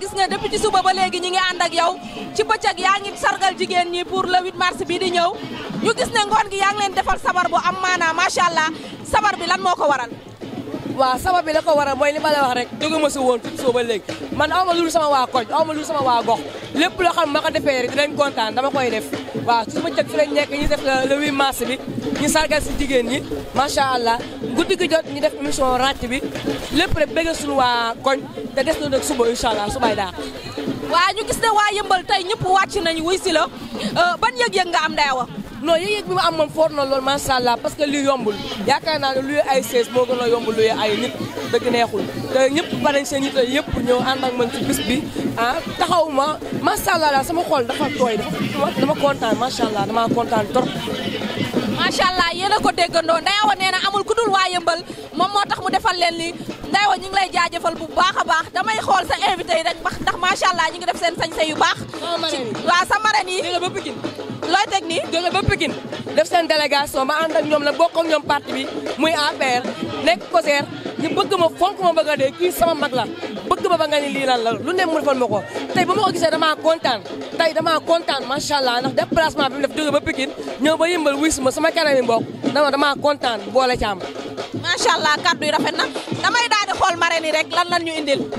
gis nga depuis ci suba ba léegi ñi ngi ànd ak yow ci bëccëg yaa ngi sargal jigéen ñi pour le 8 mars bii di ñëw ñu gis ne ngoon gi yaa ngi defal sabar bu am maanaam macha allah sabar bi lan moo ko waral. waaw sabar bi la ko waral mooy li ma la rek dugg ma si suba ba léegi man aw ma lul sama waa koñ aw ma lul sama waa gox. lépp loo xam ma ko defee rek dinañ kontaan dama koy def waaw su ma cëg fi lañ nekk ñu def le 8 mars bi ñu sargal si jigéen ñi macha allah guddi gi jot ñu def émission ràcc bi lépp rek bëgg suñu waa koñ te des na nag suba incha allah subay daal. waaw ñu gis ne waa yëmbal tey ñëpp wàcc nañu wuy si la euh, ban yëg-yëg nga am daawa. non yëg-yëg bi am moom foor na lool macha allah parce que lii yombul yaakaar naa ne luy ay sees moo gën a yombul luy ay nit dëgg neexul ñëpp bari seen yitte yëpp ñëw ànd ak man ci bis bi ah ma macha allah daal sama xol dafa tooy dafa dama kontaan macha allah damaa kontaan trop. macha allah a ko déggandoo Ndeye Awa nee na amul dul waa Yëmbal moo tax mu def defal leen lii Ndeye Awa bu baax a baax damay xool sa invité yi rek ndax macha allah ba Pikine. looy teg nii. jóge ba Pikine def seen délégation ma ànd ñoom la bokk ak ñoom parti bi muy APR nekk COSER ñu bëgg ma fonk ma bëgg a dee kii sama mag la bëgg ma ba nga ni lii la lu ne mu defal ma ko tey ba ma ko gisee damaa kontaan tey damaa kontaan macha allah ndax déplacement bi mu def jóge ba Pikine ñëw ba yëmbal wuy si ma sama kanam yi mbokk dama damaa kontaan boole ci na damay daal xool marraine yi rek lan lan ñu indil.